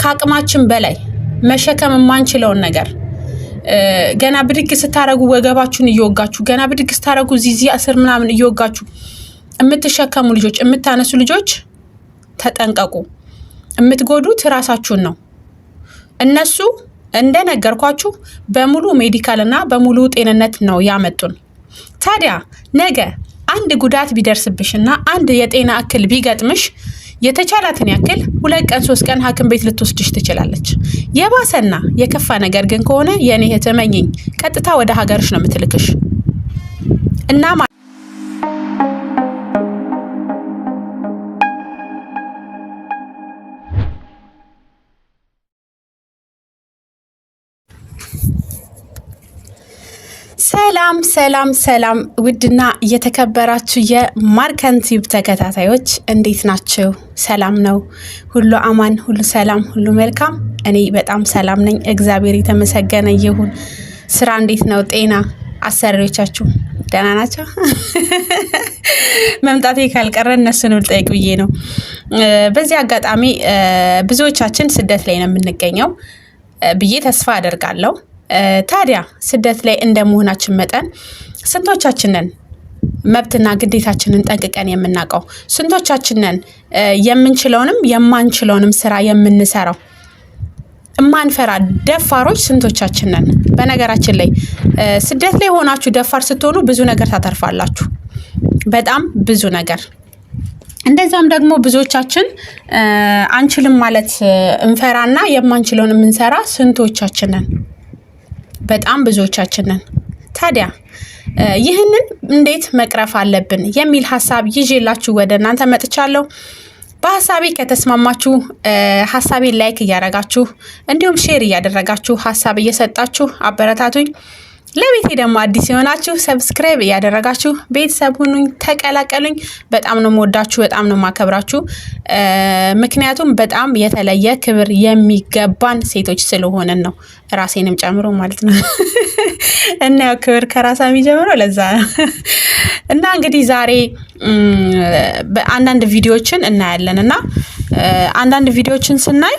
ከአቅማችን በላይ መሸከም የማንችለውን ነገር ገና ብድግ ስታደረጉ ወገባችሁን እየወጋችሁ ገና ብድግ ስታደረጉ ዚዚ እስር ምናምን እየወጋችሁ የምትሸከሙ ልጆች፣ የምታነሱ ልጆች ተጠንቀቁ። የምትጎዱት ራሳችሁን ነው። እነሱ እንደነገርኳችሁ በሙሉ ሜዲካል እና በሙሉ ጤንነት ነው ያመጡን። ታዲያ ነገ አንድ ጉዳት ቢደርስብሽ እና አንድ የጤና እክል ቢገጥምሽ የተቻላትን ያክል ሁለት ቀን ሶስት ቀን ሐኪም ቤት ልትወስድሽ ትችላለች። የባሰና የከፋ ነገር ግን ከሆነ የኔ እህት እመኚኝ ቀጥታ ወደ ሀገርሽ ነው የምትልክሽ እና ሰላም ሰላም ሰላም! ውድና የተከበራችሁ የማርከንቲብ ተከታታዮች እንዴት ናችሁ? ሰላም ነው ሁሉ አማን፣ ሁሉ ሰላም፣ ሁሉ መልካም። እኔ በጣም ሰላም ነኝ፣ እግዚአብሔር የተመሰገነ ይሁን። ስራ እንዴት ነው? ጤና አሰሪዎቻችሁ ደህና ናቸው? መምጣቴ ካልቀረ እነሱን ልጠይቅ ብዬ ነው። በዚህ አጋጣሚ ብዙዎቻችን ስደት ላይ ነው የምንገኘው ብዬ ተስፋ አደርጋለሁ ታዲያ ስደት ላይ እንደ መሆናችን መጠን ስንቶቻችንን መብትና ግዴታችንን ጠንቅቀን የምናውቀው ስንቶቻችንን የምንችለውንም የማንችለውንም ስራ የምንሰራው እማንፈራ ደፋሮች ስንቶቻችንን። በነገራችን ላይ ስደት ላይ ሆናችሁ ደፋር ስትሆኑ ብዙ ነገር ታተርፋላችሁ፣ በጣም ብዙ ነገር። እንደዚያም ደግሞ ብዙዎቻችን አንችልም ማለት እንፈራና የማንችለውን የምንሰራ ስንቶቻችንን በጣም ብዙዎቻችንን። ታዲያ ይህንን እንዴት መቅረፍ አለብን የሚል ሀሳብ ይዤላችሁ ወደ እናንተ መጥቻለሁ። በሀሳቤ ከተስማማችሁ ሀሳቤን ላይክ እያደረጋችሁ እንዲሁም ሼር እያደረጋችሁ ሀሳብ እየሰጣችሁ አበረታቱኝ። ለቤቴ ደግሞ አዲስ የሆናችሁ ሰብስክራይብ እያደረጋችሁ ቤተሰብ ሁኑኝ፣ ተቀላቀሉኝ። በጣም ነው የምወዳችሁ፣ በጣም ነው የማከብራችሁ። ምክንያቱም በጣም የተለየ ክብር የሚገባን ሴቶች ስለሆነን ነው፣ ራሴንም ጨምሮ ማለት ነው። እና ያው ክብር ከራሳ የሚጀምረው ለዛ ነው። እና እንግዲህ ዛሬ አንዳንድ ቪዲዮዎችን እናያለን እና አንዳንድ ቪዲዮዎችን ስናይ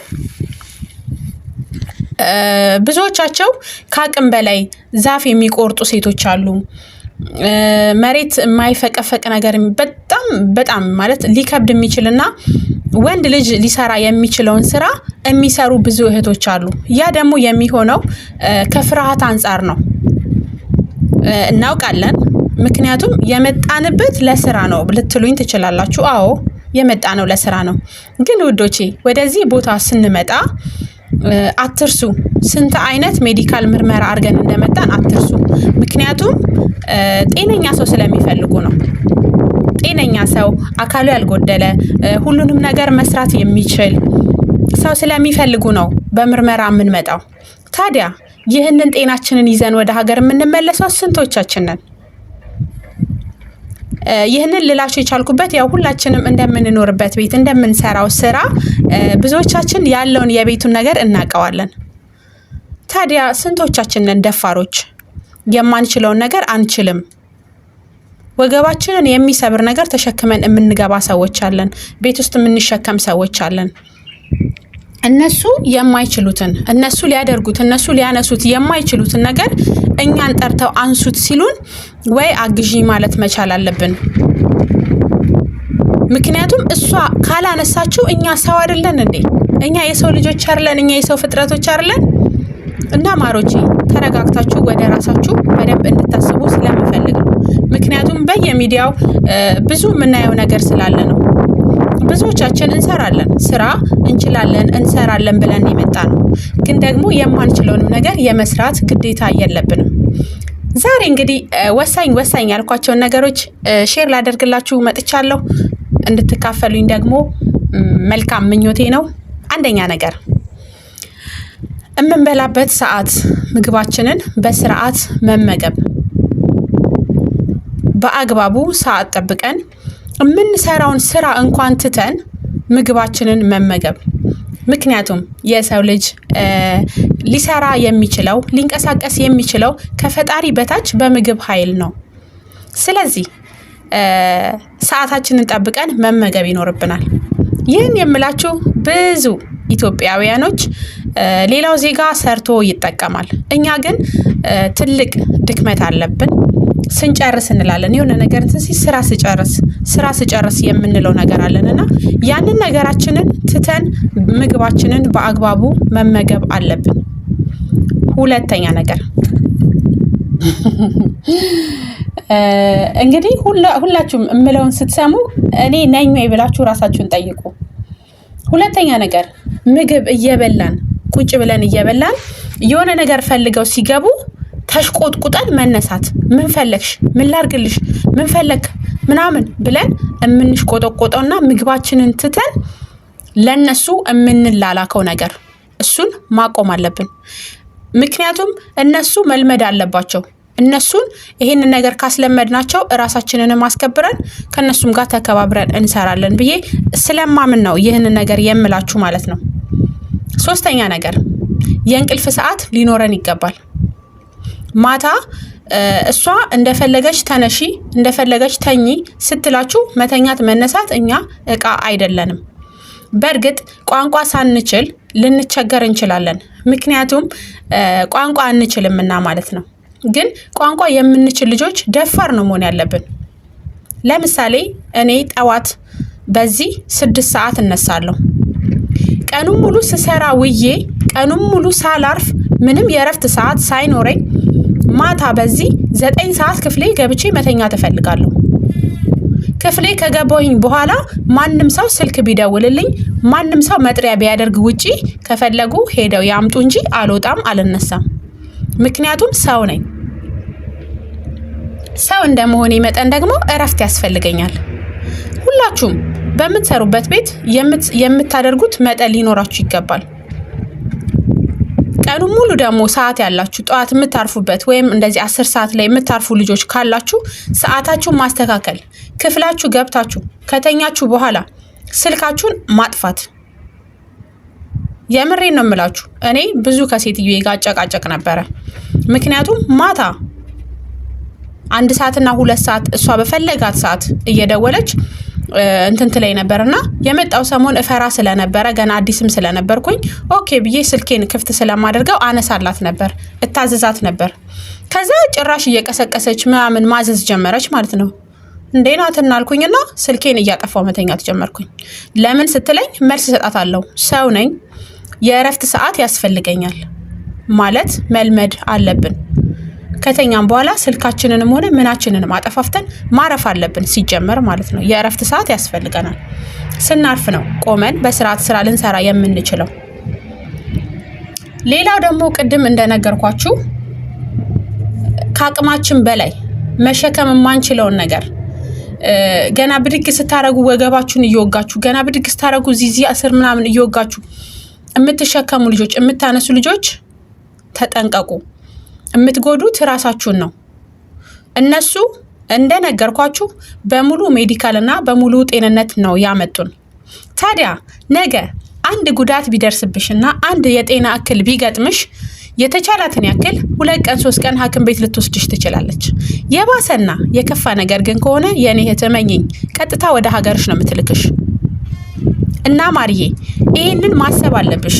ብዙዎቻቸው ከአቅም በላይ ዛፍ የሚቆርጡ ሴቶች አሉ። መሬት የማይፈቀፈቅ ነገር በጣም በጣም ማለት ሊከብድ የሚችል ወንድ ልጅ ሊሰራ የሚችለውን ስራ የሚሰሩ ብዙ እህቶች አሉ። ያ ደግሞ የሚሆነው ከፍርሃት አንጻር ነው፣ እናውቃለን። ምክንያቱም የመጣንበት ለስራ ነው ልትሉኝ ትችላላችሁ። አዎ የመጣ ነው ለስራ ነው። ግን ውዶቼ ወደዚህ ቦታ ስንመጣ አትርሱ። ስንት አይነት ሜዲካል ምርመራ አድርገን እንደመጣን አትርሱ። ምክንያቱም ጤነኛ ሰው ስለሚፈልጉ ነው። ጤነኛ ሰው አካሉ ያልጎደለ ሁሉንም ነገር መስራት የሚችል ሰው ስለሚፈልጉ ነው በምርመራ የምንመጣው። ታዲያ ይህንን ጤናችንን ይዘን ወደ ሀገር የምንመለሰው ስንቶቻችን ነን? ይህንን ልላችሁ የቻልኩበት ያው ሁላችንም እንደምንኖርበት ቤት እንደምንሰራው ስራ ብዙዎቻችን ያለውን የቤቱን ነገር እናውቀዋለን። ታዲያ ስንቶቻችን ነን ደፋሮች? የማንችለውን ነገር አንችልም። ወገባችንን የሚሰብር ነገር ተሸክመን የምንገባ ሰዎች አለን። ቤት ውስጥ የምንሸከም ሰዎች አለን። እነሱ የማይችሉትን እነሱ ሊያደርጉት እነሱ ሊያነሱት የማይችሉትን ነገር እኛን ጠርተው አንሱት ሲሉን ወይ አግዢ ማለት መቻል አለብን። ምክንያቱም እሷ ካላነሳችው እኛ ሰው አይደለን እንዴ? እኛ የሰው ልጆች አይደለን? እኛ የሰው ፍጥረቶች አይደለን? እና ማሮቼ ተረጋግታችሁ ወደ ራሳችሁ በደንብ እንድታስቡ ስለምፈልግ ነው። ምክንያቱም በየሚዲያው ብዙ የምናየው ነገር ስላለ ነው። ብዙዎቻችን እንሰራለን፣ ስራ እንችላለን፣ እንሰራለን ብለን የመጣ ነው። ግን ደግሞ የማንችለውንም ነገር የመስራት ግዴታ የለብንም። ዛሬ እንግዲህ ወሳኝ ወሳኝ ያልኳቸውን ነገሮች ሼር ላደርግላችሁ መጥቻለሁ። እንድትካፈሉኝ ደግሞ መልካም ምኞቴ ነው። አንደኛ ነገር የምንበላበት ሰዓት ምግባችንን በስርዓት መመገብ፣ በአግባቡ ሰዓት ጠብቀን የምንሰራውን ስራ እንኳን ትተን ምግባችንን መመገብ ምክንያቱም የሰው ልጅ ሊሰራ የሚችለው ሊንቀሳቀስ የሚችለው ከፈጣሪ በታች በምግብ ኃይል ነው። ስለዚህ ሰዓታችንን ጠብቀን መመገብ ይኖርብናል። ይህን የምላችሁ ብዙ ኢትዮጵያውያኖች ሌላው ዜጋ ሰርቶ ይጠቀማል። እኛ ግን ትልቅ ድክመት አለብን። ስንጨርስ እንላለን። የሆነ ነገር እንትን ሲል ስራ ስጨርስ ስራ ስጨርስ የምንለው ነገር አለን እና ያንን ነገራችንን ትተን ምግባችንን በአግባቡ መመገብ አለብን። ሁለተኛ ነገር እንግዲህ ሁላችሁም እምለውን ስትሰሙ እኔ ነኝ ወይ ብላችሁ ራሳችሁን ጠይቁ። ሁለተኛ ነገር ምግብ እየበላን ቁጭ ብለን እየበላን የሆነ ነገር ፈልገው ሲገቡ ተሽቆጥቁጠን መነሳት ምን ፈለግሽ፣ ምን ላርግልሽ፣ ምን ፈለግ ምናምን ብለን የምንሽቆጠቆጠውና ምግባችንን ትተን ለነሱ የምንላላከው ነገር እሱን ማቆም አለብን። ምክንያቱም እነሱ መልመድ አለባቸው። እነሱን ይህንን ነገር ካስለመድናቸው እራሳችንንም አስከብረን ከእነሱም ጋር ተከባብረን እንሰራለን ብዬ ስለማምን ነው ይህንን ነገር የምላችሁ ማለት ነው። ሶስተኛ ነገር የእንቅልፍ ሰዓት ሊኖረን ይገባል። ማታ እሷ እንደፈለገች ተነሺ እንደፈለገች ተኚ ስትላችሁ መተኛት መነሳት እኛ እቃ አይደለንም። በእርግጥ ቋንቋ ሳንችል ልንቸገር እንችላለን። ምክንያቱም ቋንቋ አንችልምና ማለት ነው። ግን ቋንቋ የምንችል ልጆች ደፋር ነው መሆን ያለብን። ለምሳሌ እኔ ጠዋት በዚህ ስድስት ሰዓት እነሳለሁ። ቀኑን ሙሉ ስሰራ ውዬ ቀኑን ሙሉ ሳላርፍ ምንም የእረፍት ሰዓት ሳይኖረኝ ማታ በዚህ ዘጠኝ ሰዓት ክፍሌ ገብቼ መተኛ ትፈልጋለሁ። ክፍሌ ከገባሁኝ በኋላ ማንም ሰው ስልክ ቢደውልልኝ ማንም ሰው መጥሪያ ቢያደርግ ውጪ ከፈለጉ ሄደው ያምጡ እንጂ አልወጣም፣ አልነሳም። ምክንያቱም ሰው ነኝ። ሰው እንደመሆኔ መጠን ደግሞ እረፍት ያስፈልገኛል። ሁላችሁም በምትሰሩበት ቤት የምታደርጉት መጠን ሊኖራችሁ ይገባል። ቀኑ ሙሉ ደግሞ ሰዓት ያላችሁ ጠዋት የምታርፉበት ወይም እንደዚህ አስር ሰዓት ላይ የምታርፉ ልጆች ካላችሁ ሰዓታችሁን ማስተካከል፣ ክፍላችሁ ገብታችሁ ከተኛችሁ በኋላ ስልካችሁን ማጥፋት። የምሬን ነው የምላችሁ። እኔ ብዙ ከሴትዮ ጋር አጨቃጨቅ ነበረ። ምክንያቱም ማታ አንድ ሰዓትና ሁለት ሰዓት እሷ በፈለጋት ሰዓት እየደወለች እንትን ትለኝ ነበር እና የመጣው ሰሞን እፈራ ስለነበረ ገና አዲስም ስለነበርኩኝ ኦኬ ብዬ ስልኬን ክፍት ስለማደርገው አነሳላት ነበር፣ እታዘዛት ነበር። ከዛ ጭራሽ እየቀሰቀሰች ምናምን ማዘዝ ጀመረች ማለት ነው። እንዴ ናትና ስልኬን እያጠፋው መተኛት ጀመርኩኝ። ለምን ስትለኝ መልስ እሰጣታለሁ። ሰው ነኝ፣ የእረፍት ሰዓት ያስፈልገኛል ማለት መልመድ አለብን። ከተኛም በኋላ ስልካችንንም ሆነ ምናችንንም አጠፋፍተን ማረፍ አለብን፣ ሲጀመር ማለት ነው። የእረፍት ሰዓት ያስፈልገናል። ስናርፍ ነው ቆመን በስርዓት ስራ ልንሰራ የምንችለው። ሌላው ደግሞ ቅድም እንደነገርኳችሁ ከአቅማችን በላይ መሸከም የማንችለውን ነገር ገና ብድግ ስታደረጉ ወገባችሁን እየወጋችሁ ገና ብድግ ስታደረጉ ዚዚ እስር ምናምን እየወጋችሁ የምትሸከሙ ልጆች፣ የምታነሱ ልጆች ተጠንቀቁ። የምትጎዱት ራሳችሁን ነው። እነሱ እንደነገርኳችሁ በሙሉ ሜዲካል እና በሙሉ ጤንነት ነው ያመጡን። ታዲያ ነገ አንድ ጉዳት ቢደርስብሽ እና አንድ የጤና እክል ቢገጥምሽ የተቻላትን ያክል ሁለት ቀን ሶስት ቀን ሐኪም ቤት ልትወስድሽ ትችላለች። የባሰና የከፋ ነገር ግን ከሆነ የእኔ እህት ቀጥታ ወደ ሀገርሽ ነው የምትልክሽ። እና ማርዬ ይህንን ማሰብ አለብሽ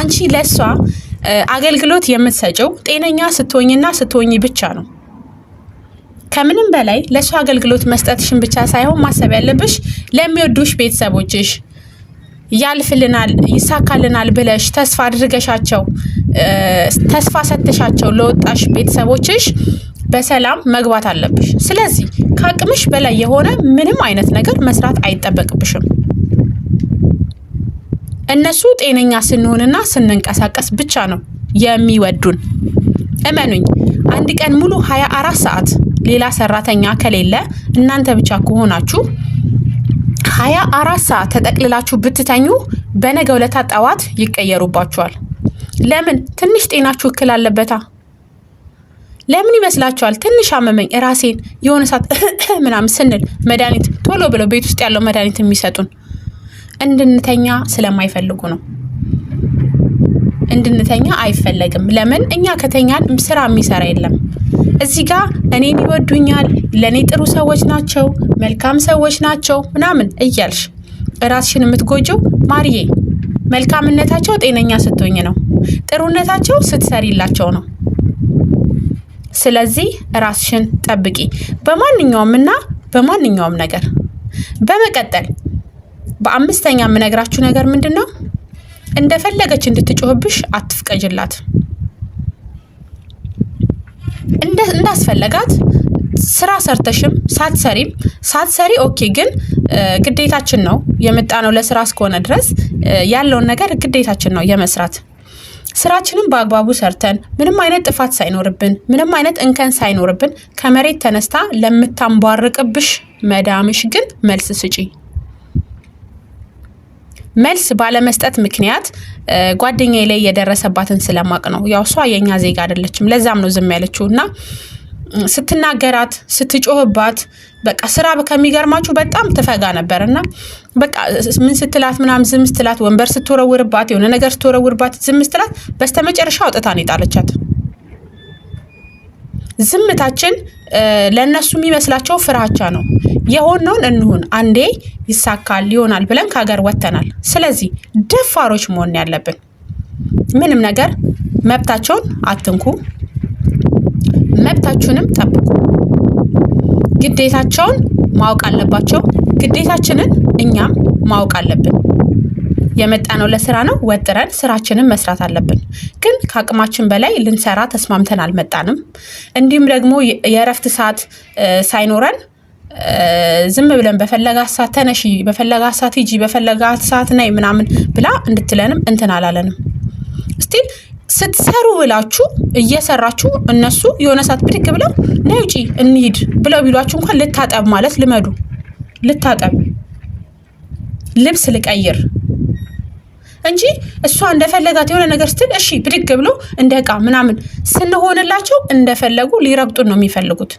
አንቺ ለሷ አገልግሎት የምትሰጨው ጤነኛ ስትሆኝና ስትሆኝ ብቻ ነው። ከምንም በላይ ለእሱ አገልግሎት መስጠትሽን ብቻ ሳይሆን ማሰብ ያለብሽ ለሚወዱሽ ቤተሰቦችሽ ያልፍልናል ይሳካልናል ብለሽ ተስፋ አድርገሻቸው ተስፋ ሰጥተሻቸው ለወጣሽ ቤተሰቦችሽ በሰላም መግባት አለብሽ። ስለዚህ ከአቅምሽ በላይ የሆነ ምንም አይነት ነገር መስራት አይጠበቅብሽም። እነሱ ጤነኛ ስንሆንና ስንንቀሳቀስ ብቻ ነው የሚወዱን። እመኑኝ፣ አንድ ቀን ሙሉ 24 ሰዓት ሌላ ሰራተኛ ከሌለ እናንተ ብቻ ከሆናችሁ 24 ሰዓት ተጠቅልላችሁ ብትተኙ በነገ ውለታ ጠዋት ይቀየሩባችኋል። ለምን? ትንሽ ጤናችሁ እክል አለበታ። ለምን ይመስላችኋል? ትንሽ አመመኝ ራሴን የሆነ ሰዓት ምናምን ስንል መድኃኒት ቶሎ ብለው ቤት ውስጥ ያለው መድኃኒት የሚሰጡን እንድንተኛ ስለማይፈልጉ ነው። እንድንተኛ አይፈለግም። ለምን እኛ ከተኛን ስራ የሚሰራ የለም። እዚህ ጋር እኔን ይወዱኛል፣ ለእኔ ጥሩ ሰዎች ናቸው፣ መልካም ሰዎች ናቸው ምናምን እያልሽ ራስሽን የምትጎጂው ማርዬ፣ መልካምነታቸው ጤነኛ ስትሆኝ ነው፣ ጥሩነታቸው ስትሰሪላቸው ነው። ስለዚህ ራስሽን ጠብቂ በማንኛውም እና በማንኛውም ነገር በመቀጠል በአምስተኛ የምነግራችሁ ነገር ምንድን ነው? እንደፈለገች እንድትጮህብሽ አትፍቀጅላት። እንዳስፈለጋት ስራ ሰርተሽም ሳትሰሪም ሳትሰሪ ኦኬ፣ ግን ግዴታችን ነው ነው ለስራ እስከሆነ ድረስ ያለውን ነገር ግዴታችን ነው የመስራት ስራችንም በአግባቡ ሰርተን ምንም አይነት ጥፋት ሳይኖርብን ምንም አይነት እንከን ሳይኖርብን ከመሬት ተነስታ ለምታንቧርቅብሽ መዳምሽ ግን መልስ ስጪ። መልስ ባለመስጠት ምክንያት ጓደኛዬ ላይ የደረሰባትን ስለማቅ ነው። ያው እሷ የእኛ ዜጋ አይደለችም፣ ለዛም ነው ዝም ያለችው እና ስትናገራት ስትጮህባት በቃ ስራ ከሚገርማችሁ በጣም ትፈጋ ነበር እና በቃ ምን ስትላት ምናምን ዝም ስትላት፣ ወንበር ስትወረውርባት፣ የሆነ ነገር ስትወረውርባት ዝም ስትላት በስተመጨረሻ አውጥታን ይጣለቻት። ዝምታችን ለእነሱ የሚመስላቸው ፍራቻ ነው። የሆነውን እንሁን፣ አንዴ ይሳካል ይሆናል ብለን ከሀገር ወጥተናል። ስለዚህ ደፋሮች መሆን ያለብን ምንም ነገር መብታቸውን አትንኩ፣ መብታችሁንም ጠብቁ። ግዴታቸውን ማወቅ አለባቸው፣ ግዴታችንን እኛም ማወቅ አለብን። የመጣ ነው ለስራ ነው። ወጥረን ስራችንን መስራት አለብን። ግን ከአቅማችን በላይ ልንሰራ ተስማምተን አልመጣንም። እንዲሁም ደግሞ የእረፍት ሰዓት ሳይኖረን ዝም ብለን በፈለጋ ሰዓት ተነሺ፣ በፈለጋ ሰዓት ሂጂ፣ በፈለጋ ሰዓት ናይ ምናምን ብላ እንድትለንም እንትን አላለንም። ስቲል ስትሰሩ ብላችሁ እየሰራችሁ እነሱ የሆነ ሰዓት ብድግ ብለው ነይ ውጪ እንሂድ ብለው ቢሏችሁ እንኳን ልታጠብ ማለት ልመዱ፣ ልታጠብ፣ ልብስ ልቀይር እንጂ እሷ እንደፈለጋት የሆነ ነገር ስትል እሺ ብድግ ብሎ እንደ እቃ ምናምን ስንሆንላቸው እንደፈለጉ ሊረግጡን ነው የሚፈልጉት።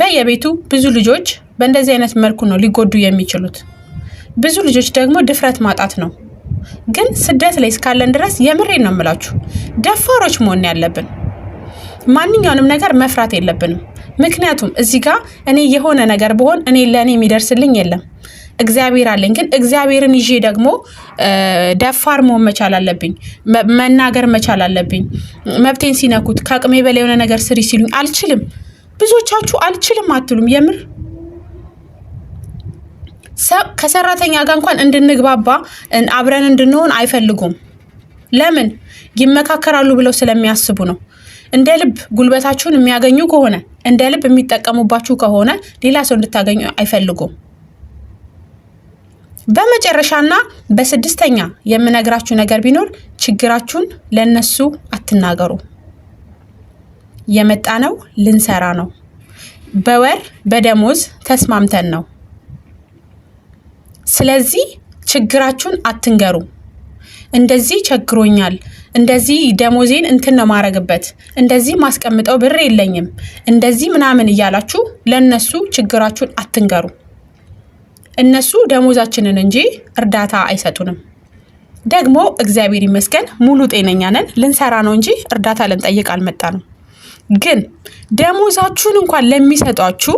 በየቤቱ ብዙ ልጆች በእንደዚህ አይነት መልኩ ነው ሊጎዱ የሚችሉት። ብዙ ልጆች ደግሞ ድፍረት ማጣት ነው። ግን ስደት ላይ እስካለን ድረስ የምሬን ነው የምላችሁ፣ ደፋሮች መሆን ያለብን ማንኛውንም ነገር መፍራት የለብንም። ምክንያቱም እዚህ ጋር እኔ የሆነ ነገር ብሆን እኔ ለእኔ የሚደርስልኝ የለም እግዚአብሔር አለኝ። ግን እግዚአብሔርን ይዤ ደግሞ ደፋር መሆን መቻል አለብኝ። መናገር መቻል አለብኝ። መብቴን ሲነኩት ከአቅሜ በላይ የሆነ ነገር ስሪ ሲሉኝ አልችልም። ብዙዎቻችሁ አልችልም አትሉም። የምር ከሰራተኛ ጋር እንኳን እንድንግባባ አብረን እንድንሆን አይፈልጉም። ለምን? ይመካከራሉ ብለው ስለሚያስቡ ነው። እንደ ልብ ጉልበታችሁን የሚያገኙ ከሆነ እንደ ልብ የሚጠቀሙባችሁ ከሆነ ሌላ ሰው እንድታገኙ አይፈልጉም። በመጨረሻና በስድስተኛ የምነግራችሁ ነገር ቢኖር ችግራችሁን ለነሱ አትናገሩ። የመጣነው ልንሰራ ነው። በወር በደሞዝ ተስማምተን ነው። ስለዚህ ችግራችሁን አትንገሩ። እንደዚህ ቸግሮኛል፣ እንደዚህ ደሞዜን እንትን ነው ማረግበት፣ እንደዚህ ማስቀምጠው ብር የለኝም፣ እንደዚህ ምናምን እያላችሁ ለነሱ ችግራችሁን አትንገሩ። እነሱ ደሞዛችንን እንጂ እርዳታ አይሰጡንም። ደግሞ እግዚአብሔር ይመስገን ሙሉ ጤነኛ ነን። ልንሰራ ነው እንጂ እርዳታ ልንጠይቅ አልመጣ ነው። ግን ደሞዛችሁን እንኳን ለሚሰጧችሁ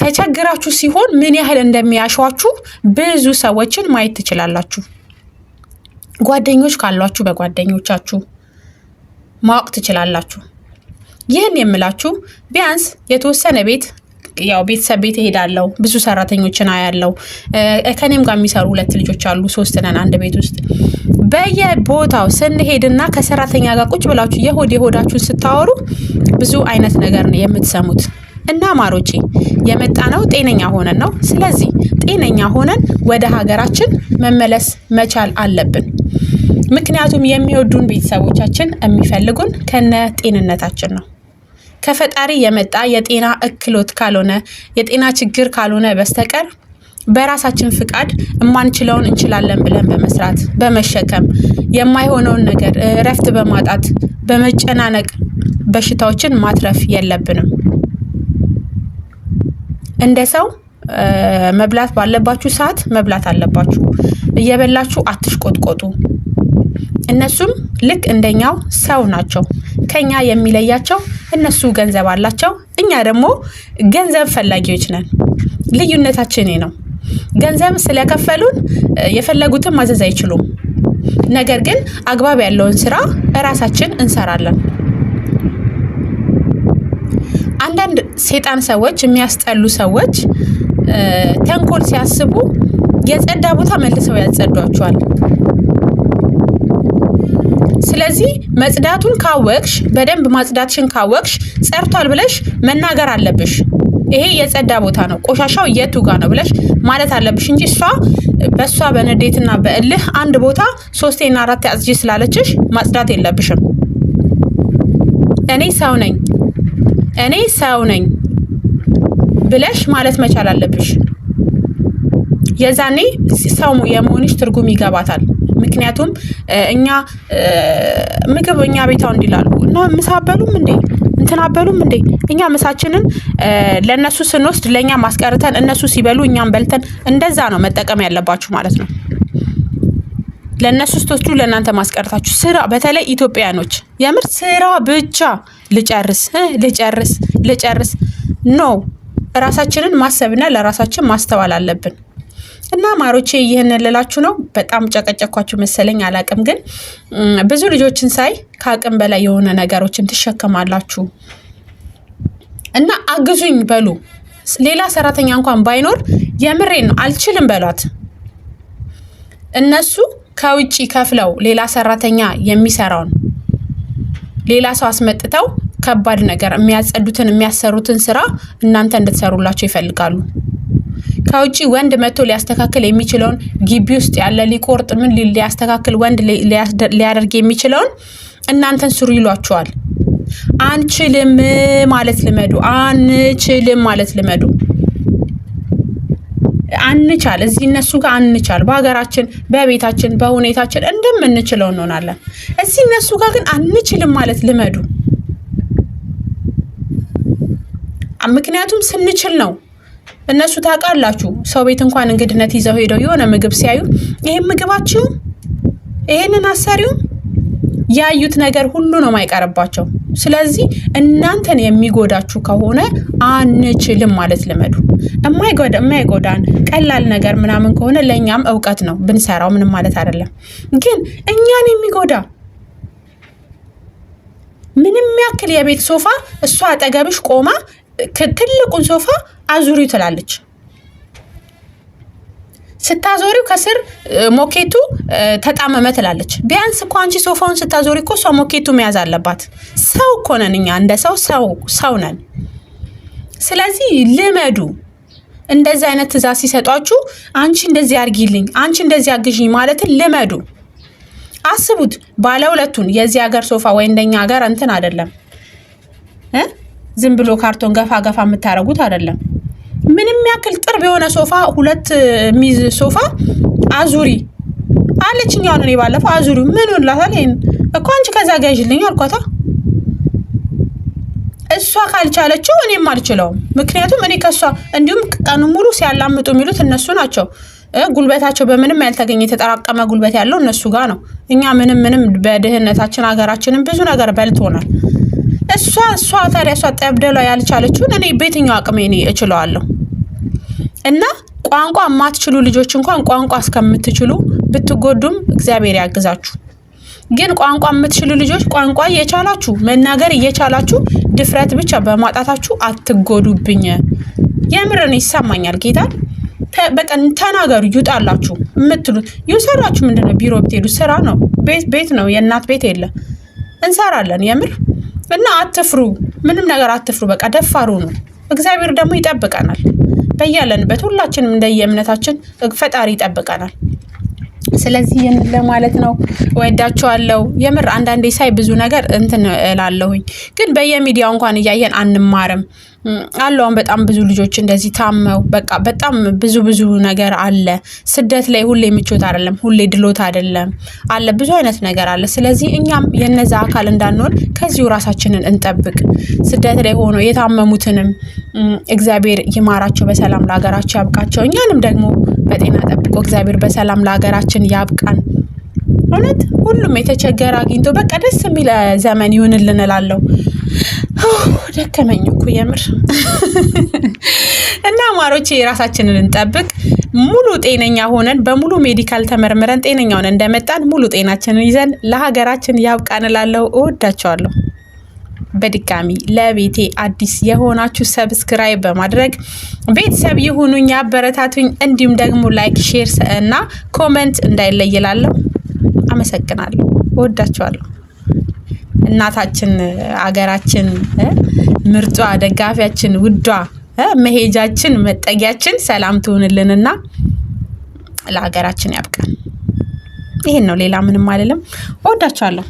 ተቸግራችሁ ሲሆን ምን ያህል እንደሚያሸዋችሁ ብዙ ሰዎችን ማየት ትችላላችሁ። ጓደኞች ካሏችሁ በጓደኞቻችሁ ማወቅ ትችላላችሁ። ይህን የምላችሁ ቢያንስ የተወሰነ ቤት ያው ቤተሰብ ቤት እሄዳለሁ፣ ብዙ ሰራተኞችን አያለው። ከኔም ጋር የሚሰሩ ሁለት ልጆች አሉ፣ ሶስት ነን አንድ ቤት ውስጥ። በየቦታው ስንሄድና ከሰራተኛ ጋር ቁጭ ብላችሁ የሆድ የሆዳችሁን ስታወሩ ብዙ አይነት ነገር ነው የምትሰሙት። እና ማሮቼ የመጣ ነው ጤነኛ ሆነን ነው። ስለዚህ ጤነኛ ሆነን ወደ ሀገራችን መመለስ መቻል አለብን። ምክንያቱም የሚወዱን ቤተሰቦቻችን የሚፈልጉን ከነ ጤንነታችን ነው። ከፈጣሪ የመጣ የጤና እክሎት ካልሆነ የጤና ችግር ካልሆነ በስተቀር በራሳችን ፍቃድ እማንችለውን እንችላለን ብለን በመስራት በመሸከም የማይሆነውን ነገር እረፍት በማጣት በመጨናነቅ በሽታዎችን ማትረፍ የለብንም። እንደ ሰው መብላት ባለባችሁ ሰዓት መብላት አለባችሁ። እየበላችሁ አትሽቆጥቆጡ። እነሱም ልክ እንደኛው ሰው ናቸው። ከኛ የሚለያቸው እነሱ ገንዘብ አላቸው፣ እኛ ደግሞ ገንዘብ ፈላጊዎች ነን። ልዩነታችን ነው። ገንዘብ ስለከፈሉን የፈለጉትን ማዘዝ አይችሉም። ነገር ግን አግባብ ያለውን ስራ እራሳችን እንሰራለን። አንዳንድ ሴጣን ሰዎች፣ የሚያስጠሉ ሰዎች ተንኮል ሲያስቡ የጸዳ ቦታ መልሰው ያጸዷቸዋል። ስለዚህ መጽዳቱን ካወቅሽ፣ በደንብ ማጽዳትሽን ካወቅሽ ጸርቷል ብለሽ መናገር አለብሽ። ይሄ የጸዳ ቦታ ነው፣ ቆሻሻው የቱ ነው ብለሽ ማለት አለብሽ እንጂ እሷ በእሷ በንዴትና በእልህ አንድ ቦታ ሶስቴና አራት አጽጂ ስላለችሽ ማጽዳት የለብሽም። እኔ ሰው ነኝ እኔ ሰው ነኝ ብለሽ ማለት መቻል አለብሽ። የዛኔ ሰው የመሆንሽ ትርጉም ይገባታል። ምክንያቱም እኛ ምግብ እኛ ቤታው እንዲላሉ እና ምሳ በሉም እንዴ እንትን አበሉም እንዴ እኛ ምሳችንን ለእነሱ ስንወስድ ለእኛ ማስቀርተን እነሱ ሲበሉ እኛም በልተን እንደዛ ነው መጠቀም ያለባችሁ ማለት ነው። ለእነሱ ስቶቹ ለእናንተ ማስቀርታችሁ ስራ፣ በተለይ ኢትዮጵያኖች የምር ስራ ብቻ ልጨርስ ልጨርስ ልጨርስ ኖ እራሳችንን ማሰብና ለራሳችን ማስተዋል አለብን። እና ማሮቼ ይህን ልላችሁ ነው። በጣም ጨቀጨኳችሁ መሰለኝ አላቅም፣ ግን ብዙ ልጆችን ሳይ ከአቅም በላይ የሆነ ነገሮችን ትሸከማላችሁ እና አግዙኝ በሉ። ሌላ ሰራተኛ እንኳን ባይኖር የምሬን ነው አልችልም በሏት። እነሱ ከውጭ ከፍለው ሌላ ሰራተኛ የሚሰራውን ሌላ ሰው አስመጥተው ከባድ ነገር የሚያጸዱትን የሚያሰሩትን ስራ እናንተ እንድትሰሩላቸው ይፈልጋሉ። ከውጭ ወንድ መጥቶ ሊያስተካክል የሚችለውን ግቢ ውስጥ ያለ ሊቆርጥ ምን ሊያስተካክል ወንድ ሊያደርግ የሚችለውን እናንተን ስሩ ይሏቸዋል። አንችልም ማለት ልመዱ። አንችልም ማለት ልመዱ። አንቻል እዚህ እነሱ ጋር አንቻል። በሀገራችን፣ በቤታችን፣ በሁኔታችን እንደምንችለው እንሆናለን። እዚህ እነሱ ጋር ግን አንችልም ማለት ልመዱ። ምክንያቱም ስንችል ነው እነሱ ታውቃላችሁ፣ ሰው ቤት እንኳን እንግድነት ይዘው ሄደው የሆነ ምግብ ሲያዩ ይሄን ምግባችሁ ይሄንን አሰሪውም ያዩት ነገር ሁሉ ነው የማይቀርባቸው። ስለዚህ እናንተን የሚጎዳችሁ ከሆነ አንችልም ማለት ልመዱ። የማይጎዳን ቀላል ነገር ምናምን ከሆነ ለእኛም እውቀት ነው ብንሰራው ምንም ማለት አይደለም። ግን እኛን የሚጎዳ ምንም ያክል የቤት ሶፋ እሷ አጠገብሽ ቆማ ትልቁን ሶፋ አዙሪው ትላለች። ስታዞሪው ከስር ሞኬቱ ተጣመመ ትላለች። ቢያንስ እኮ አንቺ ሶፋውን ስታዞሪ እኮ እሷ ሞኬቱ መያዝ አለባት። ሰው እኮ ነን እኛ እንደ ሰው ሰው ነን። ስለዚህ ልመዱ። እንደዚህ አይነት ትእዛዝ ሲሰጧችሁ አንቺ እንደዚህ አርጊልኝ፣ አንቺ እንደዚህ አግዥኝ ማለትን ልመዱ። አስቡት ባለ ሁለቱን የዚህ ሀገር ሶፋ ወይ እንደኛ ሀገር እንትን አይደለም እ ዝም ብሎ ካርቶን ገፋ ገፋ የምታደርጉት አይደለም። ምንም ያክል ጥርብ የሆነ ሶፋ ሁለት ሚዝ ሶፋ አዙሪ አለችኛ ነው ባለፈው አዙሪ ምን ላታል እኮ አንቺ ከዛ ገዥልኝ አልኳታ። እሷ ካልቻለችው እኔም አልችለውም። ምክንያቱም እኔ ከእሷ እንዲሁም ቀኑ ሙሉ ሲያላምጡ የሚሉት እነሱ ናቸው። ጉልበታቸው በምንም ያልተገኘ የተጠራቀመ ጉልበት ያለው እነሱ ጋር ነው። እኛ ምንም ምንም በድህነታችን ሀገራችንን ብዙ ነገር በልቶናል። እሷ እሷ ታዲያ እሷ ጠብደሏ ያልቻለችውን እኔ በየትኛው አቅሜ እኔ እችለዋለሁ። እና ቋንቋ የማትችሉ ልጆች እንኳን ቋንቋ እስከምትችሉ ብትጎዱም እግዚአብሔር ያግዛችሁ። ግን ቋንቋ የምትችሉ ልጆች ቋንቋ እየቻላችሁ መናገር እየቻላችሁ ድፍረት ብቻ በማጣታችሁ አትጎዱብኝ። የምርን ይሰማኛል ጌታ በቀን ተናገሩ ይውጣላችሁ የምትሉት የሰራችሁ ምንድነው? ቢሮ ብትሄዱ ስራ ነው፣ ቤት ቤት ነው፣ የእናት ቤት የለ እንሰራለን የምር እና አትፍሩ፣ ምንም ነገር አትፍሩ። በቃ ደፋሩ ነው። እግዚአብሔር ደግሞ ይጠብቀናል። በያለንበት ሁላችንም እንደየ እምነታችን ፈጣሪ ይጠብቀናል። ስለዚህ ይህን ለማለት ነው። ወዳችኋለሁ። የምር አንዳንዴ ሳይ ብዙ ነገር እንትን እላለሁኝ፣ ግን በየሚዲያው እንኳን እያየን አንማርም። አሉ። አሁን በጣም ብዙ ልጆች እንደዚህ ታመው በቃ በጣም ብዙ ብዙ ነገር አለ። ስደት ላይ ሁሌ ምቾት አይደለም፣ ሁሌ ድሎት አይደለም አለ፣ ብዙ አይነት ነገር አለ። ስለዚህ እኛም የነዛ አካል እንዳንሆን ከዚሁ ራሳችንን እንጠብቅ። ስደት ላይ ሆኖ የታመሙትንም እግዚአብሔር ይማራቸው፣ በሰላም ለሀገራቸው ያብቃቸው። እኛንም ደግሞ በጤና ጠብቆ እግዚአብሔር በሰላም ለሀገራችን ያብቃን። እውነት ሁሉም የተቸገረ አግኝቶ በቃ ደስ የሚል ዘመን ይሁንልን እላለሁ። ደከመኝ እኮ የምር እና ማሮቼ የራሳችንን እንጠብቅ። ሙሉ ጤነኛ ሆነን በሙሉ ሜዲካል ተመርምረን ጤነኛ ሆነን እንደመጣን ሙሉ ጤናችንን ይዘን ለሀገራችን ያብቃን እላለሁ። እወዳቸዋለሁ። በድጋሚ ለቤቴ አዲስ የሆናችሁ ሰብስክራይብ በማድረግ ቤተሰብ ይሁኑኝ፣ አበረታቱኝ። እንዲሁም ደግሞ ላይክ፣ ሼር እና ኮመንት እንዳይለይ አመሰግናለሁ። እወዳቸዋለሁ። እናታችን፣ አገራችን፣ ምርጧ፣ ደጋፊያችን፣ ውዷ፣ መሄጃችን፣ መጠጊያችን ሰላም ትሁንልንና ለሀገራችን ያብቃን። ይሄን ነው፣ ሌላ ምንም አይደለም። እወዳቸዋለሁ።